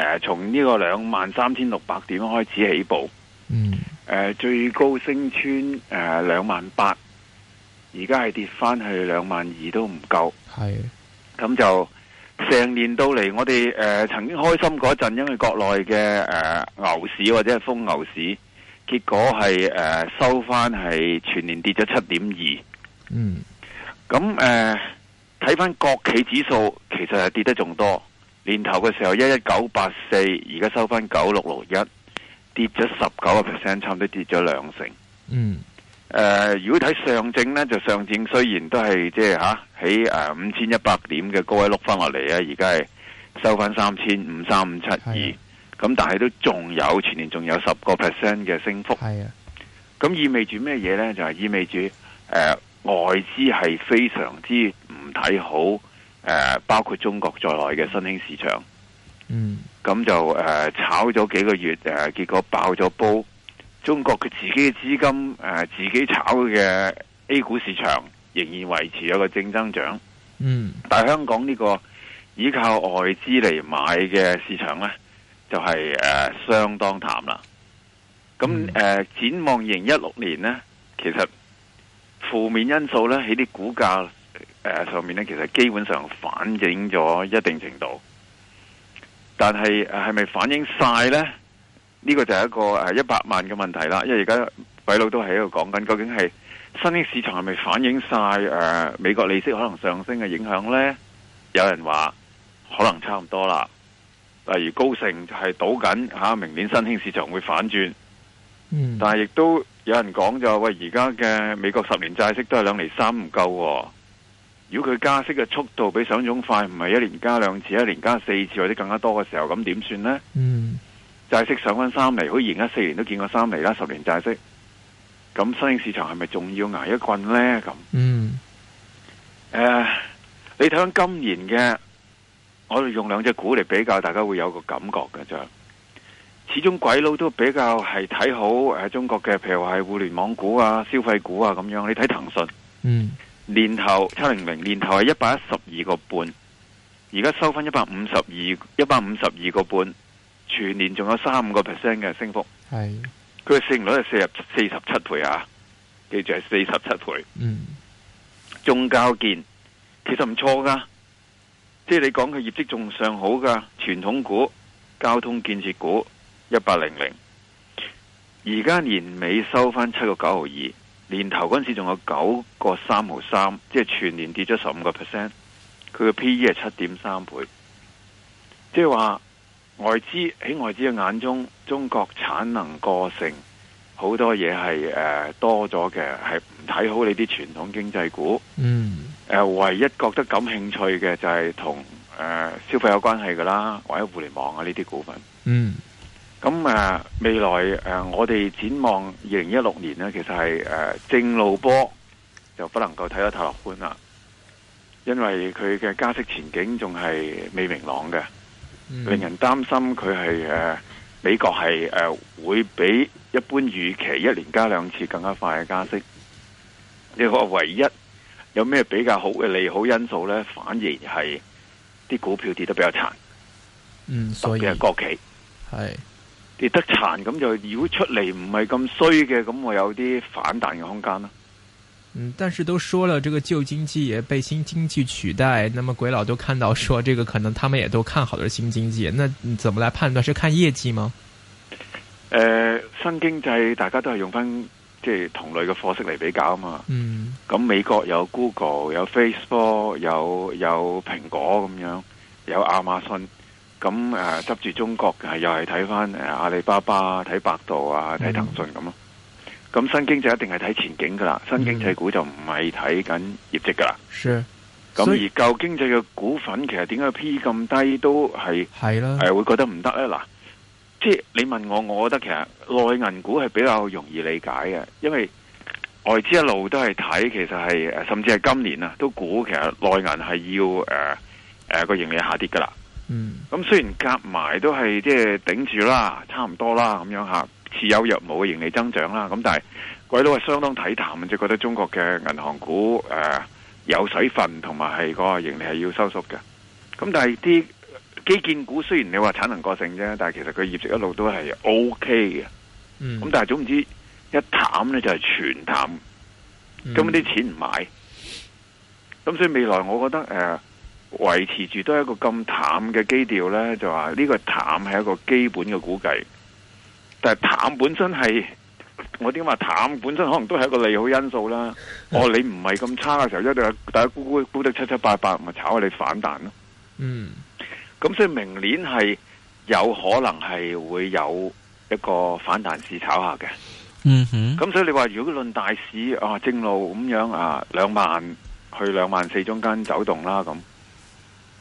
誒，從呢、呃、個兩萬三千六百點開始起步，嗯、呃，最高升穿誒兩萬八，而家係跌翻去兩萬二都唔夠，係的，咁就成年到嚟，我哋誒、呃、曾經開心嗰陣，因為國內嘅誒牛市或者係瘋牛市，結果係誒、呃、收翻係全年跌咗七點二，嗯，咁誒睇翻國企指數，其實係跌得仲多。年頭嘅時候，一一九八四，而家收翻九六六一，跌咗十九個 percent，差唔多跌咗兩成。嗯，誒、呃，如果睇上證呢，就上證雖然都係即係吓喺誒五千一百點嘅高位碌翻落嚟啊，而家係收翻三千五三五七二，咁但係都仲有前年仲有十個 percent 嘅升幅。係啊，咁意味住咩嘢呢？就係意味住誒、呃、外資係非常之唔睇好。呃、包括中國在內嘅新興市場，嗯，咁就誒、呃、炒咗幾個月，誒、呃、結果爆咗煲。中國佢自己嘅資金誒、呃，自己炒嘅 A 股市場仍然維持一個正增長，嗯。但香港呢個依靠外資嚟買嘅市場呢，就係、是、誒、呃、相當淡啦。咁、嗯呃、展望二零一六年呢，其實負面因素呢，喺啲股價。誒、呃，上面呢，其實基本上反映咗一定程度，但係係咪反映晒呢？呢、呢個就係一個誒一百萬嘅問題啦。因為而家鬼佬都喺度講緊，究竟係新興市場係咪反映晒誒、呃、美國利息可能上升嘅影響呢？有人話可能差唔多啦。例如高盛係賭緊吓、啊，明年新興市場會反轉。嗯、但係亦都有人講就喂，而家嘅美國十年債息都係兩厘三唔夠、哦。如果佢加息嘅速度比想像快，唔係一年加兩次、一年加四次或者更加多嘅時候，咁點算呢？嗯，債息上翻三厘，好似而家四年都見過三厘啦，十年債息。咁新興市場係咪仲要挨一棍呢？咁嗯，誒、呃，你睇翻今年嘅，我哋用兩隻股嚟比較，大家會有個感覺嘅咋，始終鬼佬都比較係睇好誒中國嘅，譬如話係互聯網股啊、消費股啊咁樣。你睇騰訊，嗯。年頭七零零，年頭係一百一十二個半，而家收翻一百五十二一百五十二個半，全年仲有三個 percent 嘅升幅。係的，佢嘅市盈率係四十四十七倍啊，記住係四十七倍。嗯，中交建其實唔錯噶，即係你講佢業績仲上好噶，傳統股、交通建設股，一百零零，而家年尾收翻七個九毫二。年頭嗰陣時仲有九個三毫三，即係全年跌咗十五個 percent。佢嘅 PE 係七點三倍，即係話外資喺外資嘅眼中，中國產能過剩好多嘢係誒多咗嘅，係唔睇好你啲傳統經濟股。嗯，誒、呃，唯一覺得感興趣嘅就係同誒消費有關係噶啦，或者互聯網啊呢啲股份。嗯。咁、啊、未來誒、啊，我哋展望二零一六年呢，其實係誒、啊、正路波就不能夠睇得太樂觀啦，因為佢嘅加息前景仲係未明朗嘅，令人擔心佢係誒美國係誒、啊、會比一般預期一年加兩次更加快嘅加息。你話唯一有咩比較好嘅利好因素呢？反而係啲股票跌得比較殘，嗯，特別係國企係。跌得殘咁就如果出嚟唔係咁衰嘅，咁我有啲反彈嘅空間啦、嗯。但是都說了，這個舊經濟也被新經濟取代，那麼鬼佬都看到說，這個可能他們也都看好，是新經濟，那怎麼來判斷？是看業績嗎？誒、呃，新經濟大家都係用翻即係同類嘅貨色嚟比較啊嘛。嗯。咁美國有 Google、有 Facebook、有有蘋果咁樣，有 Amazon。咁誒，執住、啊、中國又係睇翻誒阿里巴巴睇百度啊，睇騰訊咁咯。咁、嗯、新經濟一定係睇前景噶啦，新經濟股就唔係睇緊業績噶啦。咁而舊經濟嘅股份，其實點解 P 咁低都係係啦，係的、啊、會覺得唔得呢。嗱、啊，即係你問我，我覺得其實內銀股係比較容易理解嘅，因為外資一路都係睇，其實係，甚至係今年啊，都估其實內銀係要誒誒個盈利下跌噶啦。嗯，咁雖然夾埋都係即係頂住啦，差唔多啦，咁樣吓，似有若無嘅盈利增長啦，咁但係鬼佬係相當睇淡，即係覺得中國嘅銀行股誒、呃、有水分，同埋係個盈利係要收縮嘅。咁但係啲基建股雖然你話產能過剩啫，但係其實佢業績一路都係 O K 嘅。咁、嗯、但係總之，一淡呢，就係全淡，咁啲、嗯、錢唔買，咁所以未來我覺得誒。呃維持住都係一個咁淡嘅基調呢，就話呢個淡係一個基本嘅估計。但係淡本身係我點話淡本身，可能都係一個利好因素啦。 哦，你唔係咁差嘅時候，一定大家估估得七七八八，咪炒下你反彈咯。嗯，咁所以明年係有可能係會有一個反彈市炒下嘅。咁、嗯、哼所以你話如果論大市啊，正路咁樣啊，兩萬去兩萬四中間走動啦，咁。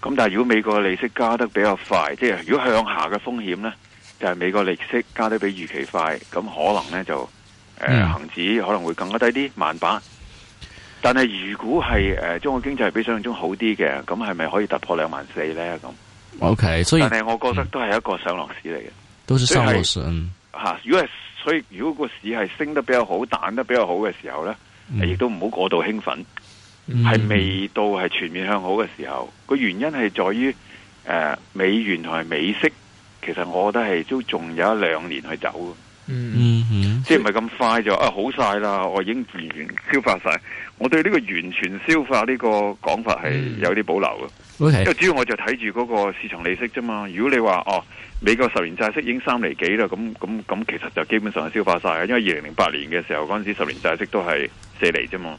咁但係如果美國嘅利息加得比較快，即係如果向下嘅風險咧，就係、是、美國利息加得比預期快，咁可能咧就誒恒、呃哎、呀指可能會更加低啲萬八。但係如果係誒、呃、中國經濟係比想象中好啲嘅，咁係咪可以突破兩萬四咧？咁 OK，所以但係我覺得都係一個上落市嚟嘅，都係上落市。吓，嗯、如果係所以如果個市係升得比較好、彈得比較好嘅時候咧，亦、嗯、都唔好過度興奮。係未到係全面向好嘅時候，個原因係在於誒、呃、美元同埋美息，其實我覺得係都仲有一兩年去走嘅嗯。嗯嗯，即係唔係咁快就啊好晒啦，我已經完全消化晒。我對呢個完全消化呢個講法係有啲保留嘅，嗯、因為主要我就睇住嗰個市場利息啫嘛。如果你話哦美國十年債息已經三厘幾啦，咁咁咁，其實就基本上係消化晒嘅，因為二零零八年嘅時候嗰陣時十年債息都係四厘啫嘛。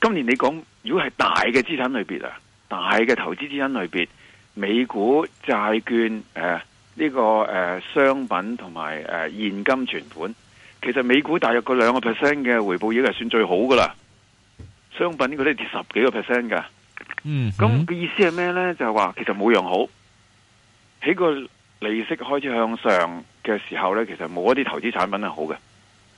今年你講如果係大嘅資產類別啊，大嘅投資資產類別，美股債券誒呢、呃這個誒、呃、商品同埋誒現金存款，其實美股大約個兩個 percent 嘅回報已經係算最好噶啦。商品呢個都跌十幾個 percent 噶、嗯。嗯，咁嘅意思係咩呢？就係、是、話其實冇樣好，喺個利息開始向上嘅時候呢，其實冇一啲投資產品係好嘅。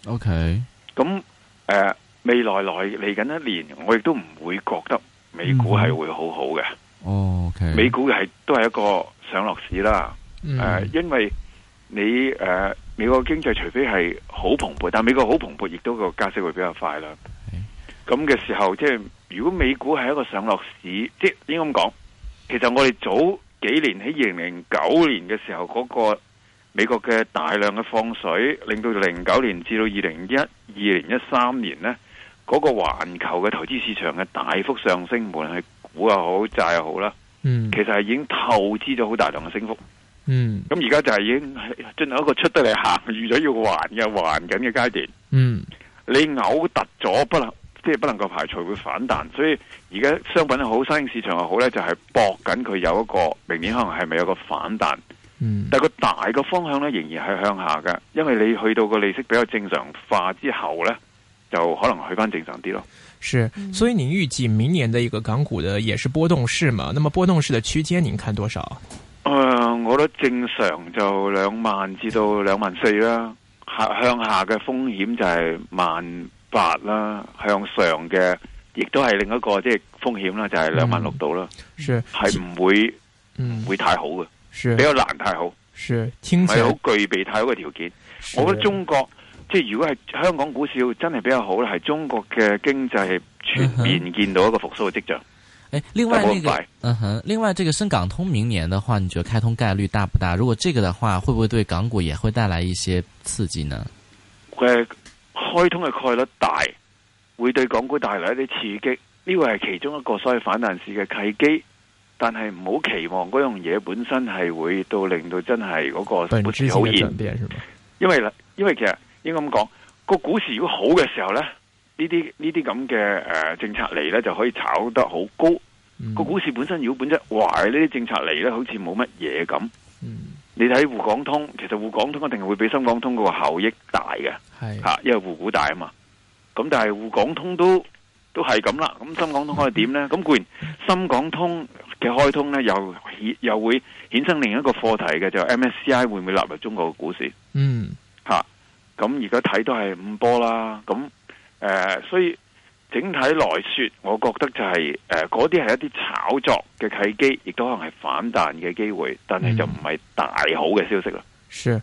OK，咁誒。呃未來來嚟緊一年，我亦都唔會覺得美股係會很好好嘅。嗯。哦，okay，美股嘅係都係一個上落市啦。誒、嗯呃，因為你誒、呃，美國的經濟除非係好蓬勃，但係美國好蓬勃，亦都個加息會比較快啦。咁嘅 Okay. 時候，即係如果美股係一個上落市，即係點講？其實我哋早幾年喺二零零九年嘅時候，嗰，那個美國嘅大量嘅放水，令到零九年至到二零一二、二零一三年呢。嗰個環球嘅投資市場嘅大幅上升，無論係股又好債又好啦，嗯，其實係已經透支咗好大量嘅升幅，嗯，咁而家就係已經進入一個出得嚟行，預咗要還嘅還緊嘅階段，嗯，你嘔突咗不能，即係不能夠排除會反彈，所以而家商品又好，新興市場又好呢，就係搏緊佢有一個明年可能係咪有個反彈，嗯，但係個大個方向呢，仍然係向下嘅，因為你去到個利息比較正常化之後呢。就可能去翻正常啲咯。是，所以您預計明年的一個港股的也是波動市嘛？那麼波動市的區間，您看多少？誒、呃，我覺得正常就兩萬至到兩萬四啦。向向下嘅風險就係萬八啦，向上嘅亦都係另一個即係、就是、風險啦，就係、是、兩萬六度啦。嗯、是，係唔會唔、嗯、會太好嘅，是比較難太好。是，唔係好具備太好嘅條件。是我覺得中國。即係如果係香港股市真係比較好咧，係中國嘅經濟全面見到一個復蘇嘅跡象。誒、uh，huh. uh huh. 另外呢？嗯另外呢個深港通明年嘅話，你覺得開通概率大唔大？如果這個嘅話，會唔會對港股也會帶來一些刺激呢？開開通嘅概率大，會對港股帶來一啲刺激。呢個係其中一個所謂反彈市嘅契機，但係唔好期望嗰樣嘢本身係會到令到真係嗰個本質嘅轉變，係嘛？因為因為其實。應該咁講，個股市如果好嘅時候咧，呢啲呢啲咁嘅誒政策嚟呢，就可以炒得好高。個、嗯、股市本身如果本質壞，呢啲政策嚟呢，好似冇乜嘢咁。嗯、你睇滬港通，其實滬港通一定會比深港通個效益大嘅，吓是、啊，因為滬股大啊嘛。咁但係滬港通都都係咁啦。咁深港通可以點咧？咁固、嗯、然 深港通嘅開通呢又又會衍生另一個課題嘅，就 MSCI 會唔會納入中國嘅股市？嗯，吓、啊。咁而家睇都係五波啦，咁誒、呃，所以整體來說，我覺得就係、是、誒，嗰啲係一啲炒作嘅契機，亦都可能係反彈嘅機會，但係就唔係大好嘅消息啦、嗯。是。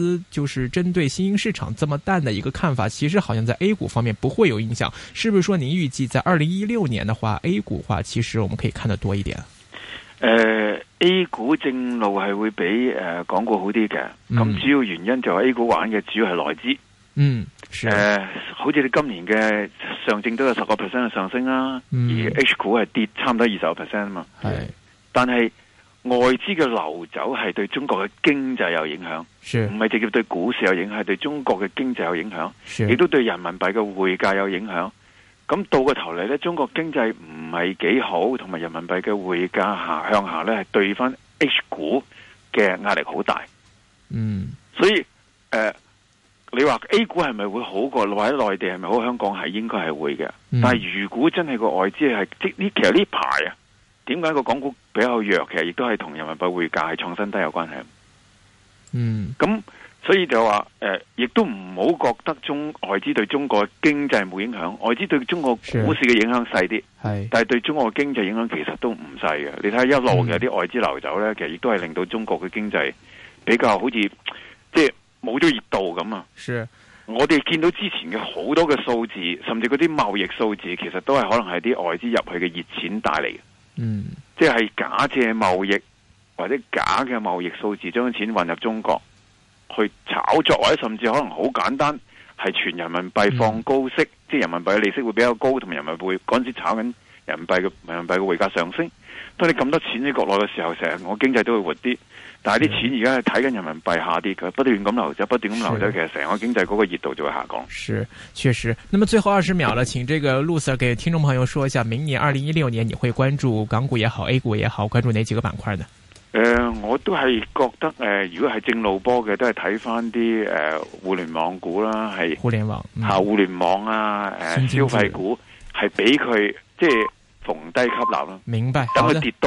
就是針對新興市場這麼淡的一個看法，其實好像在 A 股方面不會有影響，是不是說您預計在二零一六年的話，A 股話其實我們可以看得多一點？誒、呃、A 股正路係會比誒港股好啲嘅，咁、嗯、主要原因就係 A 股玩嘅主要係內資。嗯，是誒、啊呃，好似你今年嘅上證都有十個 percent 嘅上升啊，嗯、而 H 股係跌差唔多二十個 percent 嘛。係是，但係。外資嘅流走係對中國嘅經濟有影響，唔係直接對股市有影響，係對中國嘅經濟有影響，亦都對人民幣嘅匯價有影響。咁到個頭嚟咧，中國經濟唔係幾好，同埋人民幣嘅匯價下向下咧，係對翻 H 股嘅壓力好大。嗯，所以誒、呃，你話 A 股係咪會好過落喺內地係咪好？香港係應該係會嘅，嗯、但係如果真係個外資係即呢其實呢排啊。點解個港股比較弱？其實亦都係同人民幣匯價係創新低有關係。嗯，咁所以就話，誒、呃，亦都唔好覺得中外資對中國經濟冇影響，外資對中國股市嘅影響細啲，係是，但係對中國嘅經濟影響其實都唔細嘅。是你睇，一路有啲外資流走呢，嗯、其實亦都係令到中國嘅經濟比較好似即係冇咗熱度咁啊！是，我哋見到之前嘅好多嘅數字，甚至嗰啲貿易數字，其實都係可能係啲外資入去嘅熱錢帶嚟嘅。嗯，即係假借貿易或者假嘅貿易數字，將錢運入中國去炒作，或者甚至可能好簡單係全人民幣放高息，嗯、即係人民幣嘅利息會比較高，同埋人民幣陣時炒緊。人民幣嘅人民幣嘅匯價上升，當你咁多錢喺國內嘅時候，成個經濟都會活啲，但係啲錢而家係睇緊人民幣下跌，佢、嗯、不斷咁流走，不斷咁流走，的其實成個經濟嗰個熱度就會下降。是確實，那麼最後二十秒了，請這個陸 Sir 給聽眾朋友說一下，明年二零一六年你會關注港股也好，A 股也好，關注哪幾個板塊呢？誒、呃，我都係覺得誒、呃，如果係正路波嘅，都係睇翻啲誒互聯網股啦，係互聯網吓，是啊、互聯網啊，誒、嗯、消費股係俾佢。嗯即係逢低吸納咯，明白。等佢跌到。